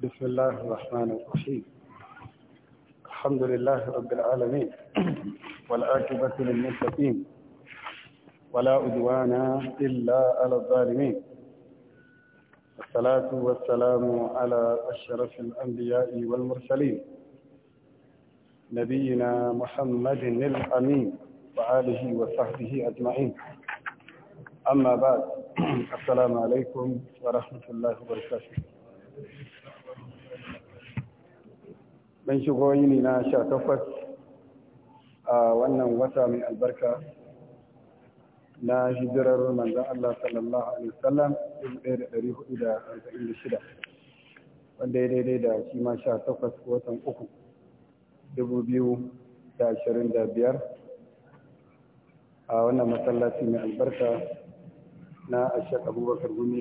بسم الله الرحمن الرحيم الحمد لله رب العالمين والآكبة للمتقين ولا أدوانا إلا على الظالمين الصلاة والسلام على أشرف الأنبياء والمرسلين نبينا محمد الأمين وآله وصحبه أجمعين أما بعد السلام عليكم ورحمة الله وبركاته dan shigo yini na sha takwas a wannan wata mai albarka na hijirar manzan Allah sallallahu alaihi wasallam shida, wanda ya daidai da shi ma sha takwas watan uku biyar a wannan masallaci mai albarka na ashek abubakar gumi